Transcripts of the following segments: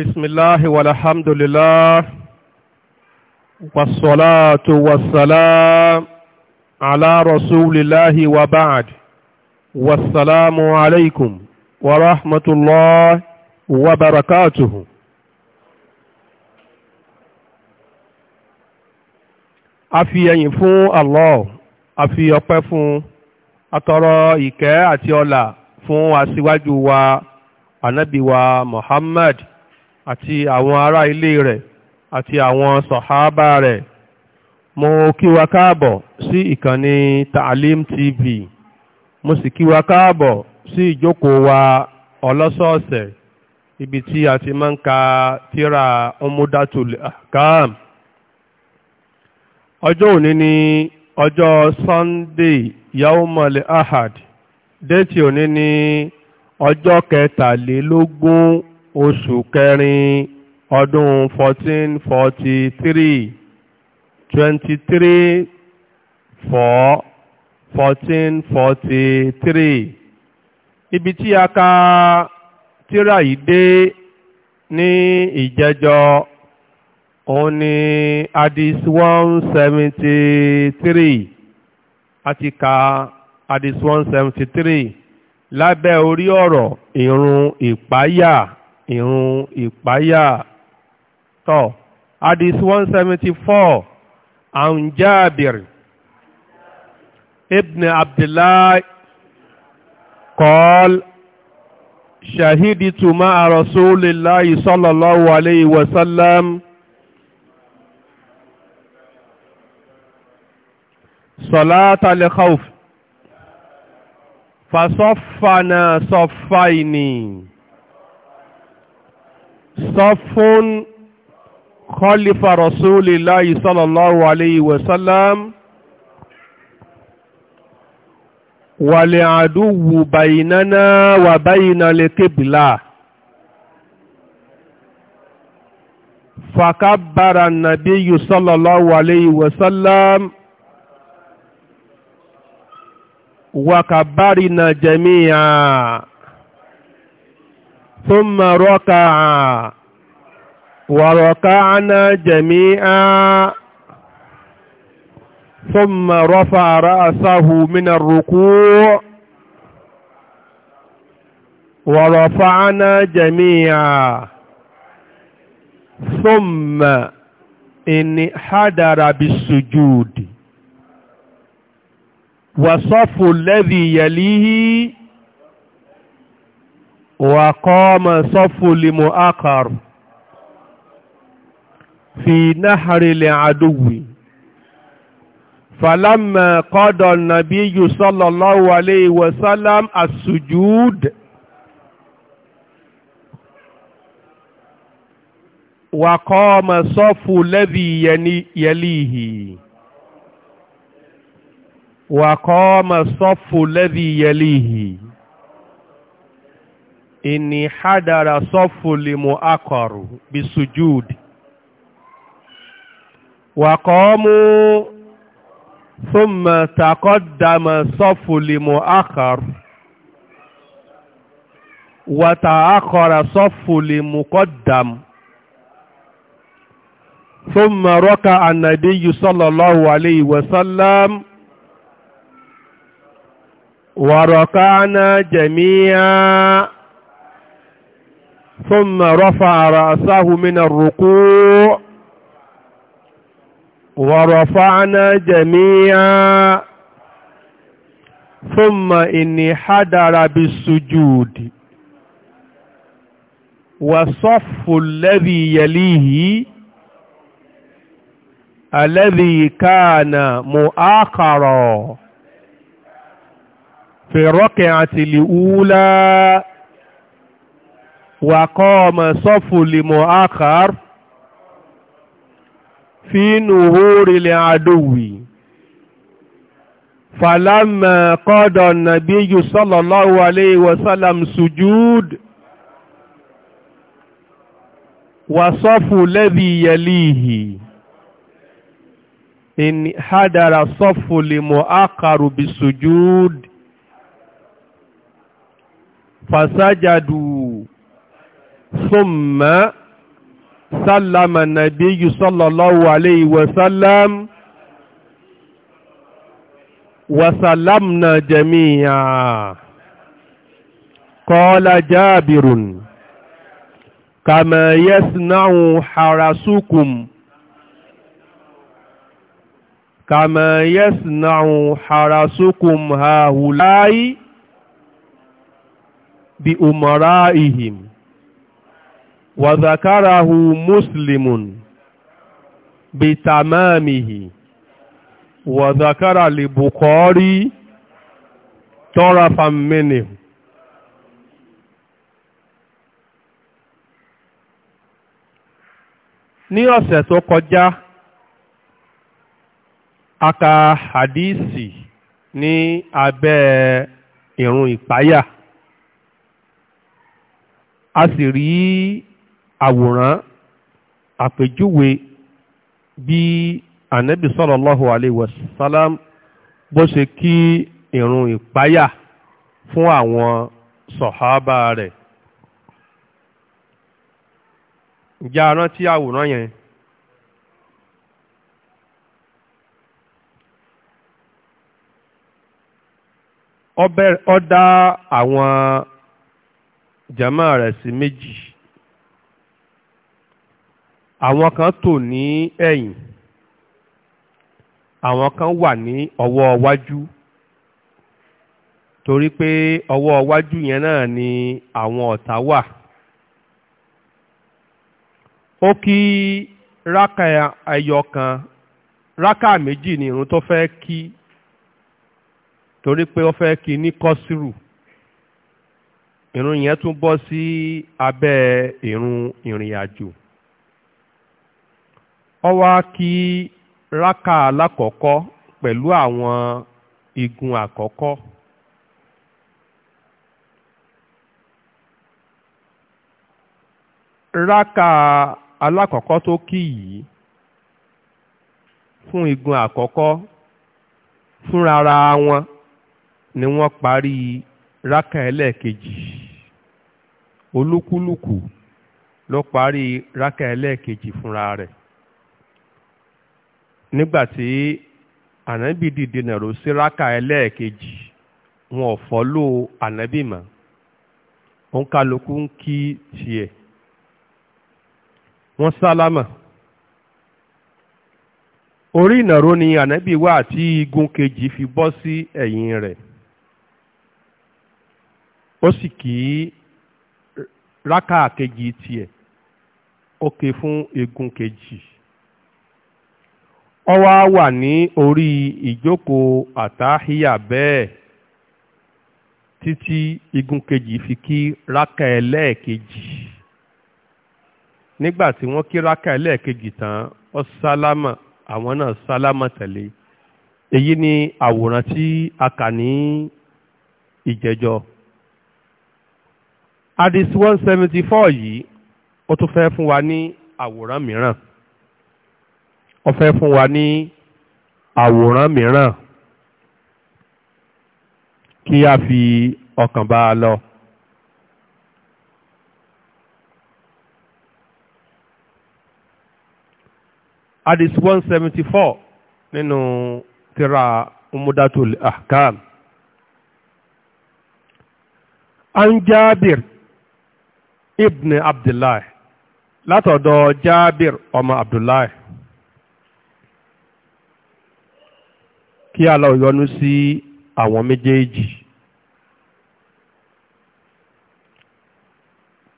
بسم الله والحمد لله والصلاة والسلام على رسول الله وبعد والسلام عليكم ورحمة الله وبركاته afi ẹ̀yìn fún Allah afi ọpẹ́ fún atọrọ ìkẹ́ àti ọlà fún aṣíwájú wa anabiwa Muhammad àti àwọn ará ilé rẹ̀ àti àwọn sọ̀háábà rẹ̀ mo kí káàbọ̀ sí ìkànnì Taalim TV mo sì kí wa káàbọ̀ sí ìjókòó wa ọlọ́sọ̀ọ̀sẹ̀ ibi tí a ti máa ń ka tírà Umudatul Ahkam ọjọ́ òní ni ọjọ́ Sunday yaumul ahad déètì òní ni ọjọ́ kẹtàlélógún oṣù kẹrin ọdún 1443 23 4 1443 ibi tí a ka tírà yìí dé ní ìjẹjọ òun ni hadis 173 a ti ka hadis 173 lábẹ́ orí ọ̀rọ̀ ìrun ìpáyà ìrun ìpáyà tọ́ hadith one seventy four an Jabir ibn Abdullah qal shahiditu ma'a rasulillahi sallallahu alayhi wa sallam صلاة الخوف فصفنا صفين صف خلف رسول الله صلى الله عليه وسلم ولعدو بيننا وبين القبلة فكبر النبي صلى الله عليه وسلم وكبرنا جميعا ثم ركع وركعنا جميعا ثم رفع رأسه من الركوع ورفعنا جميعا ثم انحدر بالسجود وصف الذي يليه وقام صف لمؤخر في نحر العدو فلما قضى النبي صلى الله عليه وسلم السجود وقام صف الذي يليه وقام صف الذي يليه ìní hádàrà sọ́fùlìmù akọ̀rù bí sujúd wàkọ́ọ́mú ثم تقدم صف لمؤخر وتأخر صف لمقدم ثم ركع النبي صلى الله عليه وسلم وركعنا جميعا ثم رفع رأسه من الركوع ورفعنا جميعا ثم إني حدر بالسجود والصف الذي يليه الذي كان مؤخرا في الركعة الأولى وقام صف لمؤخر في نهور العدو فلما قضى النبي صلى الله عليه وسلم سجود وصف الذي يليه إن حدر صف لمؤخر بالسجود فسجدوا ثم سلم النبي صلى الله عليه وسلم وسلمنا جميعا قال جابر كما يصنع حرسكم كما يصنع حرسكم هؤلاء بأمرائهم وذكره مسلم بتمامه وذكر لبخاري طرفا منه ní ọ̀sẹ̀ tó kọjá aka hadisi ní abẹ́ irun ìpáyà a sì rí àwòrán àpèjúwe bí ànábì sallallahu alaihi wasallam bó ṣe kí ìrun ìpáyà fún àwọn sọ̀hábà rẹ̀ ǹjẹ́ a rántí àwòrán yẹn ó dá àwọn jàmáà rẹ̀ sí méjì àwọn kan tò ní ẹ̀yìn àwọn kan wà ní ọwọ́ iwájú torí pé ọwọ́ iwájú yẹn náà ni àwọn ọ̀tá wà ó kí rákà ẹyọ kan rákà méjì ni irun tó fẹ́ kí torí pé ó fẹ́ kí ní kọ́sírù irun yẹn tún bọ́ sí abẹ́ irun ìrìn àjò ọ wá kí rákà alákọ̀ọ́kọ́ pẹ̀lú àwọn igun àkọ́kọ́. rákà alákọ̀ọ́kọ́ tó kí yìí fún igun àkọ́kọ́ fúnra ara wọn ni wọ́n parí rákà ẹlẹ́ẹ̀kejì olúkúlùkù ló parí rákà ẹlẹ́ẹ̀kejì fúnra rẹ̀. nígbà tí ànábì dìde nàró síraka ẹlẹ́ẹ̀kejì wọn ò fọ́lò ànábì mọ́ òun kálukú ń kí tiẹ̀ wọ́n sálámà orí ìnàró ni ànábì wà tí igun kejì fi bọ́ sí ẹ̀yìn rẹ̀ ó sì kí rákà kejì tiẹ̀ ó ké fún igun kejì ọ wá wà ní orí ìjókòó àtàhíyà bẹ́ẹ̀ títí igun kejì fi kí rákà ẹlẹ́ẹ̀kejì nígbà tí wọ́n kí rákà ẹlẹ́ẹ̀kejì tán ọ sálámà àwọn náà sálámà tẹ̀lé èyí ni àwòrán tí a kà ní ìjẹjọ hadith one seventy four yìí ó tún fẹ́ fún wa ní àwòrán mìíràn ó fẹ́ fún wa ní àwòrán mìíràn kí a fi ọkàn bá a lọ. hadith one seventy four nínú tírà umudatul ahkam. an jabir ibn abdullah látọ̀dọ̀ jabir ọmọ abdullah kí Allah yọ́nú sí àwọn méjèèjì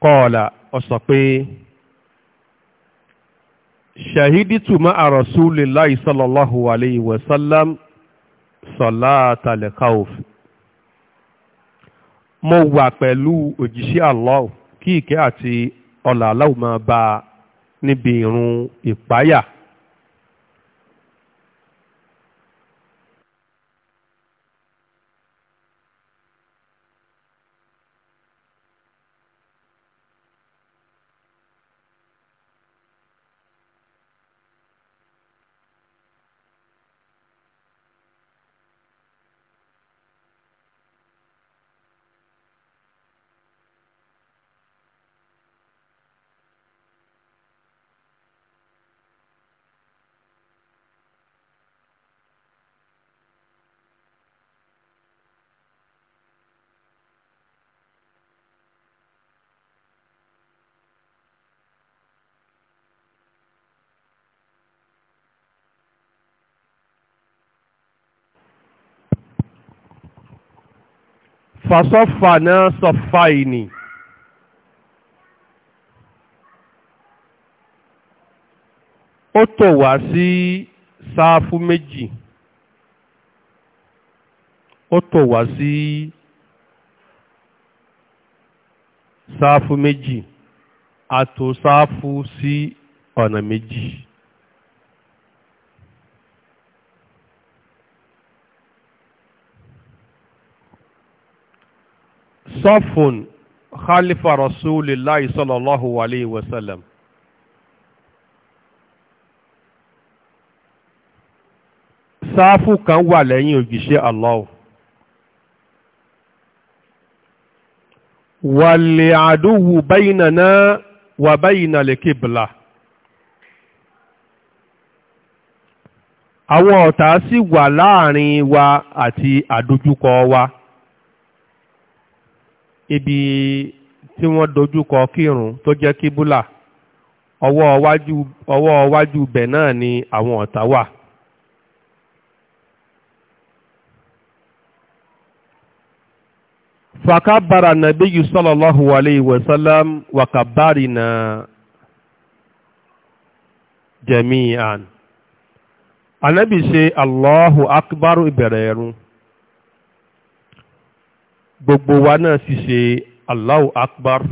kọ́ọ̀là ó sọ pé ṣàhídìtù ma'a rasulillahi sallallahu alayhi wa sallam salatal khawf mo wà pẹ̀lú òjíṣẹ́ Allah kí ìkẹ́ àti ọlà máa bá níbi ìrun ìpáyà fasọ́fà náà sọ̀fà ìní. ó tò wá sí sáfù méjì ó tò wá sí sáfù méjì àtò sáfù sí ọ̀nà méjì. sọ́fùn khalifa rasulillahi sallallahu alayhi wa sallam sáfù kan wà lẹ́yìn òjíṣẹ́ Allah wàlẹ̀ àdúwù báyìnàná wà báyìnà lè kébìlà àwọn ọ̀tá sì wà láàrin wa àti àdójúkọ wa. ibi tí wọ́n dojúkọ kírun tó jẹ́ kíbúlà ọwọ́ wájú bẹ̀ náà ni àwọn ọ̀tá wà. فكبر النبي صلى الله عليه وسلم وكبرنا جميعا Ànábì ṣe Allahu Akbar ìbẹ̀rẹ̀ gbogbo wa náà sì ṣe Allahu Akbar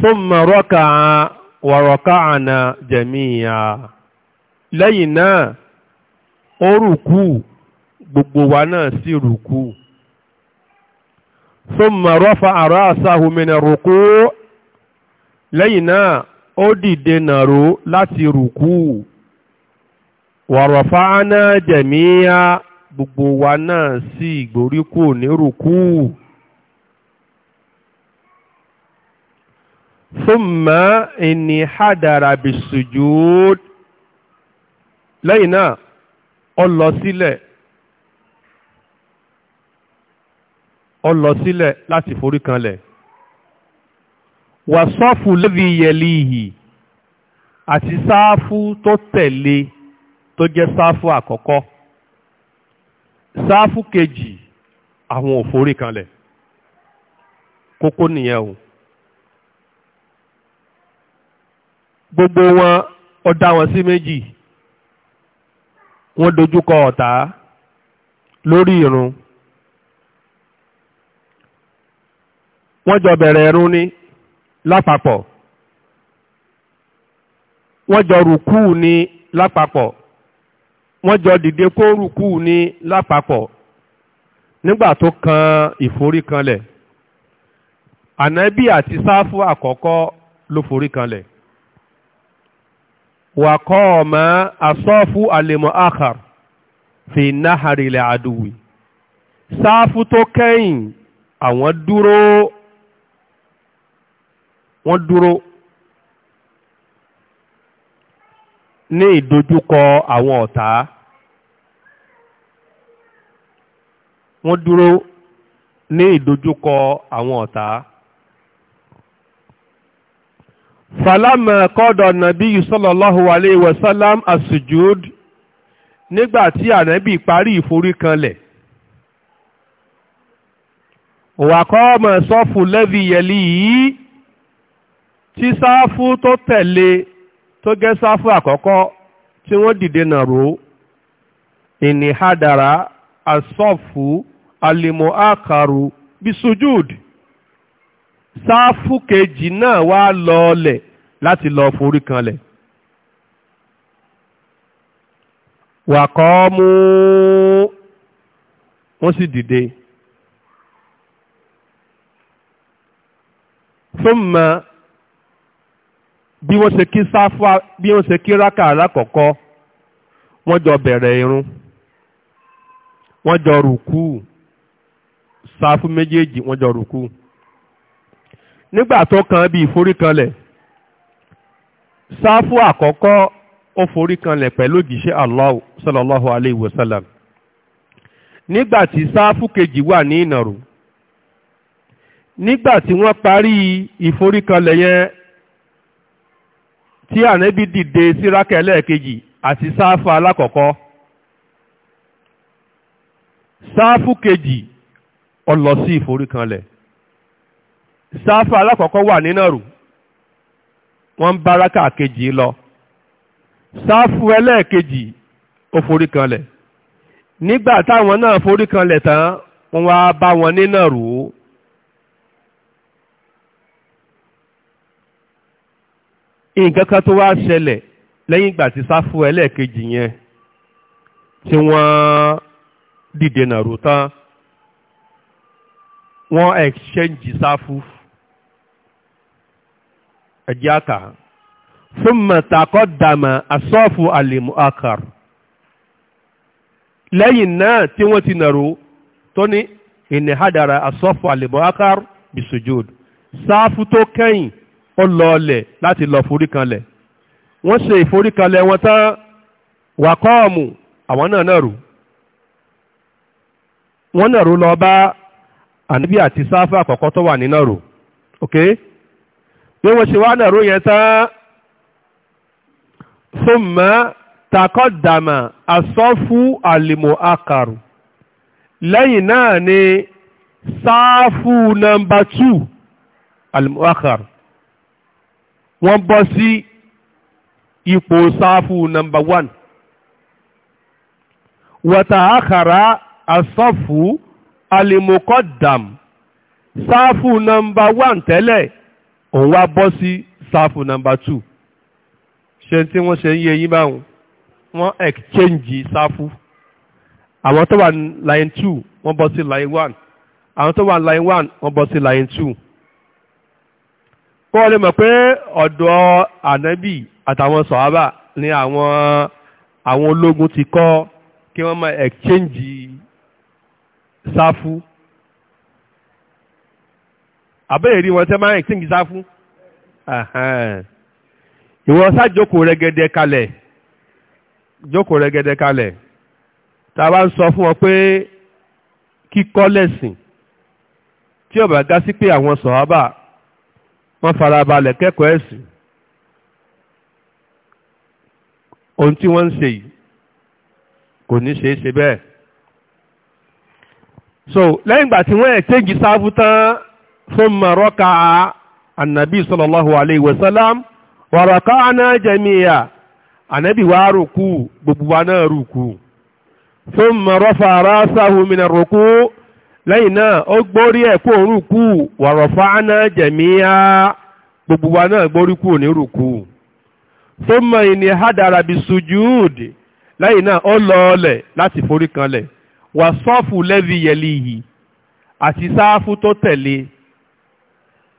thumma raka'a wa raka'ana jami'a lẹ́yìn náà ó rùkú gbogbo wa náà sì rùkú thumma rafa'a ra'sahu mina ruku' lẹ́yìn náà ó dìde nàró láti rùkú wa rafa'ana jami'a gbogbo wa náà sì gbóríkù nírùkú. thumma inni hadara bisujud lẹ́yìn náà ó lọ sílẹ̀ ó lọ sílẹ̀ láti forí kanlẹ̀ wàsọ́fù lẹ́bi yẹlí yìí àti sáfù tó tẹ̀lé tó jẹ́ sáfù àkọ́kọ́ sáfù kejì àwọn òfòrí kanlẹ̀ kókó nìyẹn o gbogbo wọn ó dá wọn sí méjì wọ́n dojúkọ ọ̀tá lórí irun wọ́n jọ bẹ̀rẹ̀ irun ní lápapọ̀ wọ́n jọ rùkú ní lápapọ̀ wọ́n jọ dìde kórùkù ní lápapọ̀ nígbà tó kan ìforíkanlẹ̀ ànábì àti sáfù àkọ́kọ́ ló foríkanlẹ̀ wàkọ́ ọ̀mọ asọ́fù àlèmọ̀ àkàr fi náhàrí ilẹ̀ àdúwì sáfù tó kẹ́yìn àwọn dúró wọ́n dúró ní ìdojúkọ àwọn ọ̀tá wọ́n dúró ní ìdojúkọ àwọn ọ̀tá falama kọ́dọ̀ nàbí sallallahu alayhi wa sallam asujud nígbà tí ànábì parí ìforíkanlẹ̀ wàkọ́ọ̀mọ̀ sọ́fù lẹ́bi yẹ̀lì yìí tí sáfù tó tẹ̀lé tó gẹ́ sáfù àkọ́kọ́ tí wọ́n dìde nàró ìníhádàrá asọ́fù alìmọ̀ àkàrù bisujud sáfù kejì náà wá lọọlẹ̀ láti lọ forí kanlẹ̀ wàkọ́ mú wọ́n sì dìde thumma bí wọ́n ṣe kí sáfà bí wọ́n ṣe kí rákà alákọ̀ọ́kọ́ wọ́n jọ bẹ̀rẹ̀ irun wọ́n jọ rùkú sáfù méjèèjì wọ́n jọ rùkú nígbà tó kan bí ìforíkanlẹ̀ sáfù àkọ́kọ́ ó foríkanlẹ̀ pẹ̀lú òjíṣẹ́ Allah sallallahu alayhi wa sallam nígbà tí sáfù kejì wà ní ìnàró nígbà tí wọ́n parí ìforíkanlẹ̀ yẹn tí ànábì dìde síráka ẹlẹ́ẹ̀kejì àti sáfù alákọ̀ọ́kọ́ sáfù kejì ó lọ sí ìforíkanlẹ̀ sáfù alákọ̀ọ́kọ́ wà rù. wọ́n ń báraka kejì lọ sáfù ẹlẹ́ẹ̀kejì ó foríkanlẹ̀ nígbà táwọn náà foríkanlẹ̀ tán wọ́n wá bá wọn nínàró nǹkan kan tó wá ṣẹlẹ̀ lẹ́yìn ìgbà tí sáfù ẹlẹ́ẹ̀kejì yẹn tí wọ́n dìde nàró tán wọ́n exchange sáfù ẹ̀jẹ̀ àkà thumma taqaddama as-safu al-mu'akhkhar lẹ́yìn náà tí wọ́n ti nàró tó ní ìnìhádàrà as-safu al-mu'akhkhar sáfù tó kẹ́yìn ó lọ ọlẹ̀ láti lọ foríkanlẹ̀ wọ́n ṣe ìforíkanlẹ̀ wọn tán wàkọ́ọ̀mù àwọn náà nàró wọ́n nàró lọ bá ànábì àti sáfà àkọ́kọ́ tó wà ní nàró ok bí wọ́n ṣe wá nàró yẹn tán thumma takọ́dàmà asọ́fú àlìmọ̀ akàrù lẹ́yìn náà ni sáfù nọmba 2 àlìmọ̀ akàrù wọ́n bọ́ sí ipò sáfù nọmbà wán wọ́tà àkàrà àsọ́fù alimokodam sáfù nọmbà wán tẹ́lẹ̀ òun wá bọ́ sí sáfù nọmbà tù ṣe tí wọ́n ṣe ń yé yín báwọn wọ́n exchange sáfù àwọn tó wà line two wọ́n bọ́ sí line one àwọn tó wà line one wọ́n bọ́ sí line two kó o lè mọ̀ pé ọ̀dọ̀ ànábì àtàwọn sọ̀hábà ni àwọn àwọn ológun ti kọ́ kí wọ́n máa exchange sáfù àbẹ́yẹ̀ rí wọn tẹ́ máa exchange sáfù ìwọ sájókòó rẹ̀gẹ̀dẹ̀ kalẹ̀ jókòó rẹ̀gẹ̀dẹ̀ kalẹ̀ tá a bá ń sọ fún ọ pé kíkọ́ lẹ́sìn tí ó sí pé àwọn sọ̀hábà wọ́n farabalẹ̀ kẹ́kọ̀ọ́ ẹ̀sìn ohun tí wọ́n ń ṣe yìí kò ní ṣe é ṣe bẹ́ẹ̀ so lẹ́yìn ìgbà tí wọ́n ẹ̀ tẹ́jì sáfù tán fún mọ̀rọ́kà ànàbí sallallahu alayhi wa sallam wàràkà àná jẹ̀míyà ànàbí wàá rùkú gbogbo wa náà rùkú fún mọ̀rọ́fà rásáhùn mìíràn rùkú. lẹ́yìn náà ó gbórí ẹ̀ kó òun rúkú náà jẹ̀mí á gbogbo wa náà gbórí kú òní rúkú tó mọ ìní hádàrà bí sujúùdì lẹ́yìn náà ó lọ ọlẹ̀ láti forí kanlẹ̀ wà sọ́ọ̀fù lẹ́bi yẹlí yìí àti sáfù tó tẹ̀lé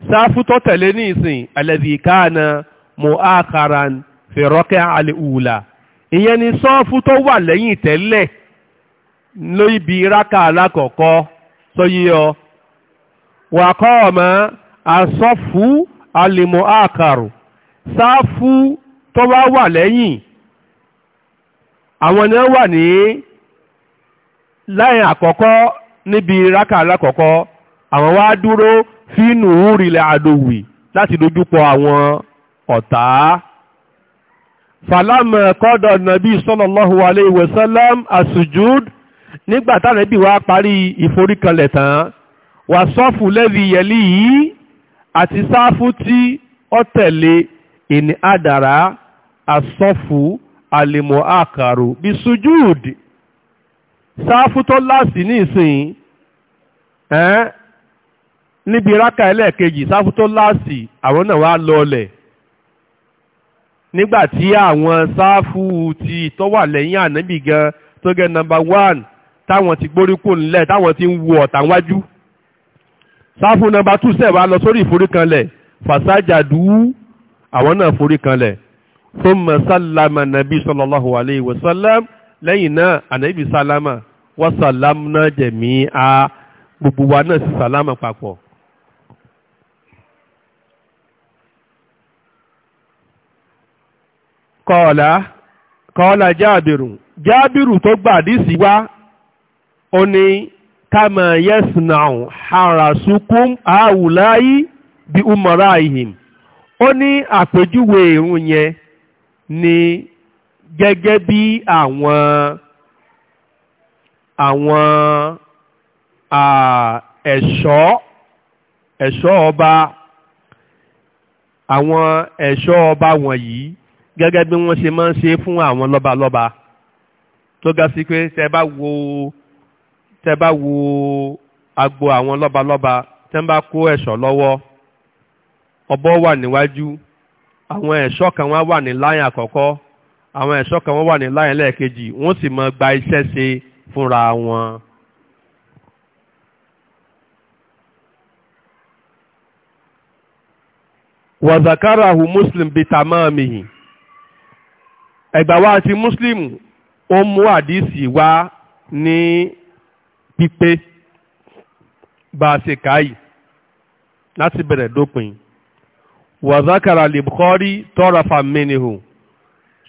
sáfù tó tẹ̀lé ní ìsìn ẹlẹ́bi káàna mo ákàrà fèrọ́kẹ́ àlẹ́ ùlà ìyẹn ni sọ́ọ̀fù tó wà lẹ́yìn tẹ́lẹ̀ lóyìnbí rákà alákọ̀ọ́kọ́. sọyí ọ wà kọ́ ọ̀mọ́ àsọ́fù alìmọ̀ àkàrò sáfù tó bá wà lẹ́yìn àwọn ni wọ́n wà ní láyìn àkọ́kọ́ níbi rákà lákọ̀ọ́kọ́ àwọn wá dúró fínú rílẹ̀ àdòwì láti dojúpọ̀ àwọn ọ̀tá falama kọ́dọ̀ nàbí sallallahu alayhi wa asujud nígbà tánàbí wa parí ìforíkanlẹ̀ tán wà sọ́fù lẹ́bi yẹlí yìí àti sáfù tí ó tẹ̀lé ìní àdàrà àsọ́fù àlèmọ̀ àkàrò bí sujúùdì sáfù tó láàsì ní ìsìn ẹ́n níbi rákà ẹlẹ́ẹ̀kejì sáfù tó láàsì àwọn náà wá lọlẹ̀ nígbà tí àwọn sáfù ti tó lẹ́yìn ànábì gan tó gẹ́ number one táwọn ti gbóríkò ńlẹ̀ táwọn ti ń wo ọ̀tá wájú sáfù nọmba tú sẹ̀wá lọ sórí ìforíkanlẹ̀ fàṣájàdú àwọn náà foríkanlẹ̀ thumma sallama nàbí sallallahu alayhi wa sallam lẹ́yìn náà ànábì sálámà wa sallamna jami'a gbogbo wa náà sì sálámà papọ̀. kọ́ọ̀lá kọ́ọ̀lá jáàbìrù jáàbìrù tó gbà àdìsí wá ó ní kama yasna'u harasukum àwùláyí bí umara ihim ó ní àpèjúwe ìrun yẹn ni gẹ́gẹ́ bí àwọn àwọn ẹ̀ṣọ́ ẹ̀ṣọ́ ọba àwọn ẹ̀ṣọ́ ọba wọ̀nyí gẹ́gẹ́ bí wọ́n ṣe máa ń ṣe fún àwọn lọ́balọ́ba tó ga sí pé tẹ bá wo tẹ́ bá wo agbo àwọn lọ́balọ́ba tẹ́ ń bá kó ẹ̀ṣọ́ lọ́wọ́ ọ̀bọ wà níwájú àwọn ẹ̀ṣọ́ kan wá wà ní láyìn àkọ́kọ́ àwọn ẹ̀ṣọ́ kan wọ́n wà ní láyìn lẹ́ẹ̀kejì wọ́n sì máa gba iṣẹ́ ṣe fúnra wọn. wàzàkáràhù muslim bíi tàmáàmìhì ẹgbàá wa ti muslim ó mú àdìsí wá ní pípé bá a ṣe káyì láti bẹ̀rẹ̀ dópin wàzákàrà lè bùkọ́rí tọ́ra fàmínihù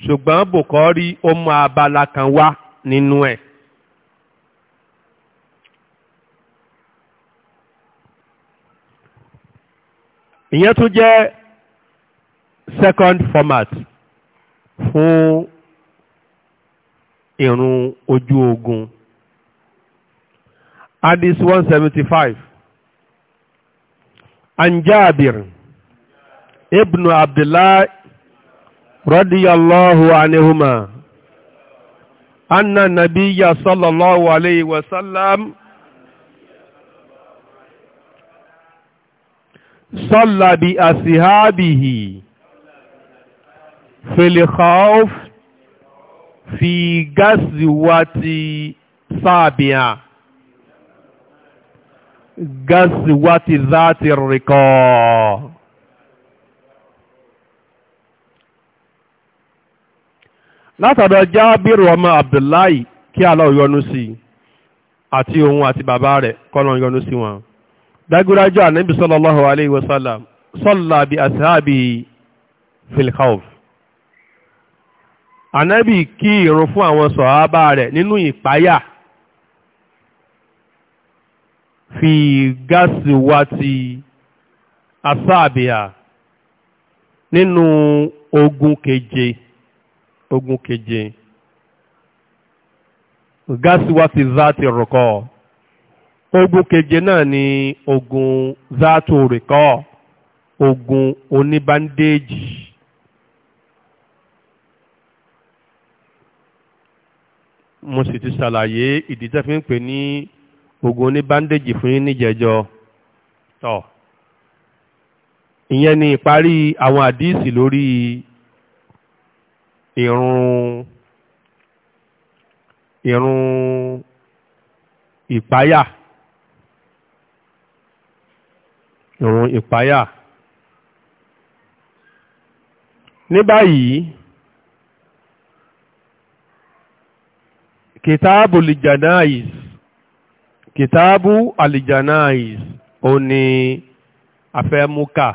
ṣùgbọ́n bùkọ́rí ó mú abala kan wá nínú ẹ̀. ìyẹn tún jẹ́ second format fún ìrun ojú ogun hadith 175 an jabir ibn abdullah radiyallahu anihuma anna nabiyya sallallahu alayhi wa sallam صلى بأصحابه في الخوف في غزوة سابعة gasiwati zati rikọ́ látọ̀dọ̀ jábìrì ọmọ abdullahi kí Allah yọ́nú sí àti òun àti bàbá rẹ̀ kọ́nà yọ́nú sí wọn dágúrájú ànábì sallallahu alayhi wa sallam salla bi ashabi fil khawf ànábì kí ìrun fún àwọn sọ̀hábà rẹ̀ nínú ìpáyà fi gáàsì wá ti asáàbíà nínú ogun keje ogun keje gáàsì wá ti záàtì rọ̀kọ́ ogun keje náà ni ogun záàtì rọ̀kọ́ ogun oníbándéèjì mo sì ti ṣàlàyé ìdí tẹ́ ń pè ní oògùn ní bandage fún yín níjẹjọ tọ̀ ìyẹn ni ìparí àwọn àdíìsì lórí ìrun ìrun ìpáyà ìrun ìpáyà ní báyìí kìtàbùlì jànáàìs kìtàbù àlìjànáìs ó ní afẹ́múkà